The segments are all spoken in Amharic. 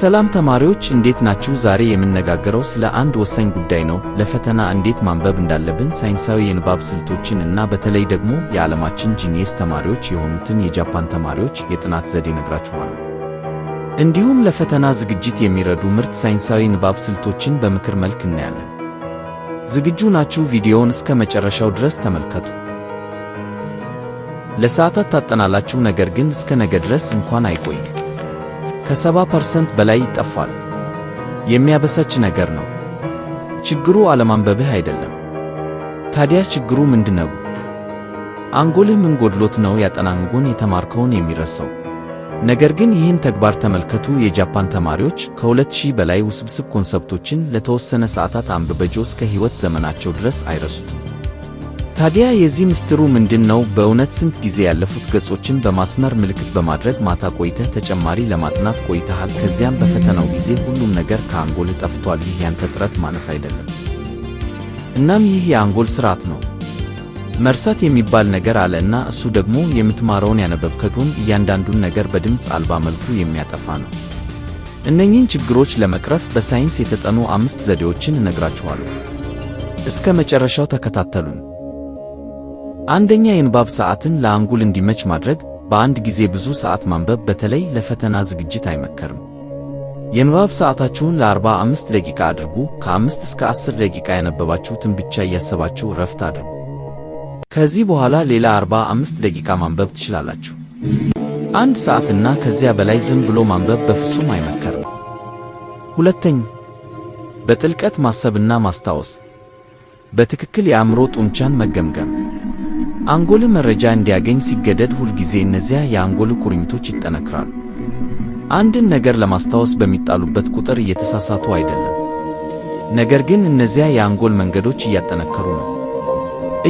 ሰላም ተማሪዎች እንዴት ናችሁ? ዛሬ የምነጋገረው ስለ አንድ ወሳኝ ጉዳይ ነው፣ ለፈተና እንዴት ማንበብ እንዳለብን፣ ሳይንሳዊ የንባብ ስልቶችን እና በተለይ ደግሞ የዓለማችን ጂኒየስ ተማሪዎች የሆኑትን የጃፓን ተማሪዎች የጥናት ዘዴ ነግራችኋል። እንዲሁም ለፈተና ዝግጅት የሚረዱ ምርጥ ሳይንሳዊ ንባብ ስልቶችን በምክር መልክ እናያለን። ዝግጁ ናችሁ? ቪዲዮውን እስከ መጨረሻው ድረስ ተመልከቱ። ለሰዓታት ታጠናላችሁ፣ ነገር ግን እስከ ነገ ድረስ እንኳን አይቆይም። ከሰባ ፐርሰንት በላይ ይጠፋል። የሚያበሳች ነገር ነው። ችግሩ አለማንበብህ አይደለም። ታዲያ ችግሩ ነው? አንጎልህ ምን ጎድሎት ነው ያጠናንጎን የተማርከውን የሚረሳው? ነገር ግን ይህን ተግባር ተመልከቱ። የጃፓን ተማሪዎች ከሁለት ሺህ በላይ ውስብስብ ኮንሰፕቶችን ለተወሰነ ሰዓታት አንብበጆ እስከ ሕይወት ዘመናቸው ድረስ አይረሱትም። ታዲያ የዚህ ምስጢሩ ምንድን ነው? በእውነት ስንት ጊዜ ያለፉት ገጾችን በማስመር ምልክት በማድረግ ማታ ቆይተህ ተጨማሪ ለማጥናት ቆይተሃል። ከዚያም በፈተናው ጊዜ ሁሉም ነገር ከአንጎል ጠፍቷል። ይህ ያንተ ጥረት ማነስ አይደለም። እናም ይህ የአንጎል ስርዓት ነው። መርሳት የሚባል ነገር አለ እና እሱ ደግሞ የምትማረውን ያነበብከቱን እያንዳንዱን ነገር በድምፅ አልባ መልኩ የሚያጠፋ ነው። እነኚህን ችግሮች ለመቅረፍ በሳይንስ የተጠኑ አምስት ዘዴዎችን እነግራችኋለሁ። እስከ መጨረሻው ተከታተሉን። አንደኛ የንባብ ሰዓትን ለአንጎል እንዲመች ማድረግ። በአንድ ጊዜ ብዙ ሰዓት ማንበብ በተለይ ለፈተና ዝግጅት አይመከርም። የንባብ ሰዓታችሁን ለ45 ደቂቃ አድርጉ። ከ5 እስከ 10 ደቂቃ ያነበባችሁትን ብቻ እያሰባችሁ ረፍት አድርጉ። ከዚህ በኋላ ሌላ 45 ደቂቃ ማንበብ ትችላላችሁ። አንድ ሰዓትና ከዚያ በላይ ዝም ብሎ ማንበብ በፍጹም አይመከርም። ሁለተኛ በጥልቀት ማሰብና ማስታወስ፣ በትክክል የአእምሮ ጡንቻን መገምገም አንጎል መረጃ እንዲያገኝ ሲገደድ ሁልጊዜ እነዚያ የአንጎል ቁርኝቶች ይጠነክራሉ። አንድን ነገር ለማስታወስ በሚጣሉበት ቁጥር እየተሳሳቱ አይደለም፣ ነገር ግን እነዚያ የአንጎል መንገዶች እያጠነከሩ ነው።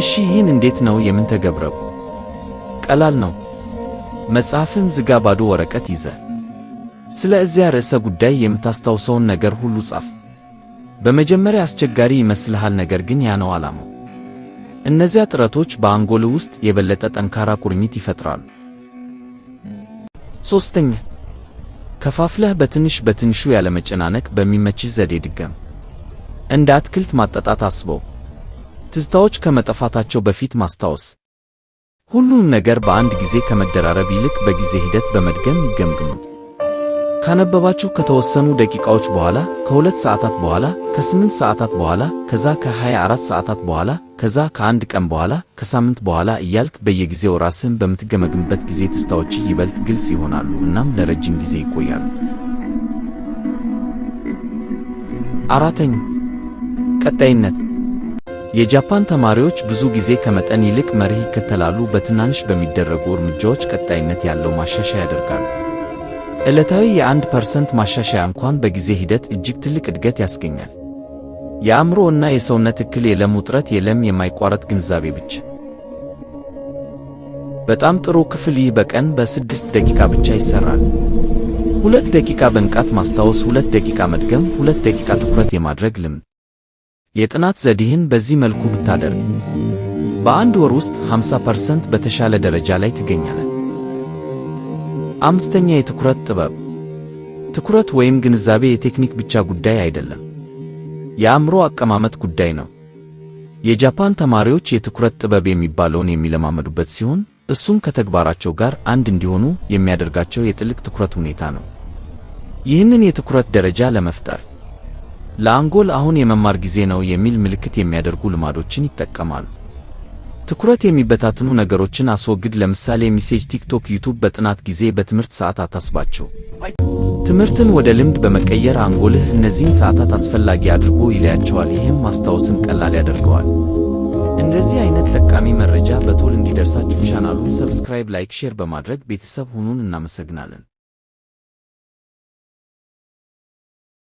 እሺ፣ ይህን እንዴት ነው የምንተገብረው? ቀላል ነው። መጽሐፍን ዝጋ፣ ባዶ ወረቀት ይዘ! ስለ እዚያ ርዕሰ ጉዳይ የምታስታውሰውን ነገር ሁሉ ጻፍ። በመጀመሪያ አስቸጋሪ ይመስልሃል፣ ነገር ግን ያ ነው ዓላማው። እነዚያ ጥረቶች በአንጎል ውስጥ የበለጠ ጠንካራ ቁርኝት ይፈጥራሉ። ሶስተኛ ከፋፍለህ በትንሽ በትንሹ ያለመጨናነቅ በሚመችህ ዘዴ ድገም። እንደ አትክልት ማጠጣት አስበው። ትዝታዎች ከመጠፋታቸው በፊት ማስታወስ። ሁሉንም ነገር በአንድ ጊዜ ከመደራረብ ይልቅ በጊዜ ሂደት በመድገም ይገምግሙ። ካነበባችሁ ከተወሰኑ ደቂቃዎች በኋላ፣ ከሁለት ሰዓታት በኋላ፣ ከስምንት ሰዓታት በኋላ፣ ከዛ ከ24 ሰዓታት በኋላ ከዛ ከአንድ ቀን በኋላ ከሳምንት በኋላ እያልክ በየጊዜው ራስን በምትገመግምበት ጊዜ ትስታዎች ይበልጥ ግልጽ ይሆናሉ፣ እናም ለረጅም ጊዜ ይቆያሉ። አራተኛ ቀጣይነት። የጃፓን ተማሪዎች ብዙ ጊዜ ከመጠን ይልቅ መርህ ይከተላሉ። በትናንሽ በሚደረጉ እርምጃዎች ቀጣይነት ያለው ማሻሻያ ያደርጋሉ። ዕለታዊ የአንድ ፐርሰንት ማሻሻያ እንኳን በጊዜ ሂደት እጅግ ትልቅ እድገት ያስገኛል። የአእምሮ እና የሰውነት እክል የለም፣ ውጥረት የለም፣ የማይቋረጥ ግንዛቤ ብቻ። በጣም ጥሩ ክፍል ይህ በቀን በስድስት ደቂቃ ብቻ ይሰራል። ሁለት ደቂቃ በንቃት ማስታወስ፣ ሁለት ደቂቃ መድገም፣ ሁለት ደቂቃ ትኩረት የማድረግ ልምድ። የጥናት ዘዴህን በዚህ መልኩ ብታደርግ በአንድ ወር ውስጥ 50% በተሻለ ደረጃ ላይ ትገኛለህ። አምስተኛ የትኩረት ጥበብ። ትኩረት ወይም ግንዛቤ የቴክኒክ ብቻ ጉዳይ አይደለም። የአእምሮ አቀማመጥ ጉዳይ ነው። የጃፓን ተማሪዎች የትኩረት ጥበብ የሚባለውን የሚለማመዱበት ሲሆን እሱም ከተግባራቸው ጋር አንድ እንዲሆኑ የሚያደርጋቸው የጥልቅ ትኩረት ሁኔታ ነው። ይህንን የትኩረት ደረጃ ለመፍጠር ለአንጎል አሁን የመማር ጊዜ ነው የሚል ምልክት የሚያደርጉ ልማዶችን ይጠቀማሉ። ትኩረት የሚበታትኑ ነገሮችን አስወግድ። ለምሳሌ ሜሴጅ፣ ቲክቶክ፣ ዩቱብ በጥናት ጊዜ በትምህርት ሰዓት አታስባቸው። ትምህርትን ወደ ልምድ በመቀየር አንጎልህ እነዚህን ሰዓታት አስፈላጊ አድርጎ ይለያቸዋል። ይህም ማስታወስን ቀላል ያደርገዋል። እንደዚህ አይነት ጠቃሚ መረጃ በቶል እንዲደርሳችሁ ቻናሉን ሰብስክራይብ፣ ላይክ፣ ሼር በማድረግ ቤተሰብ ሁኑን። እናመሰግናለን።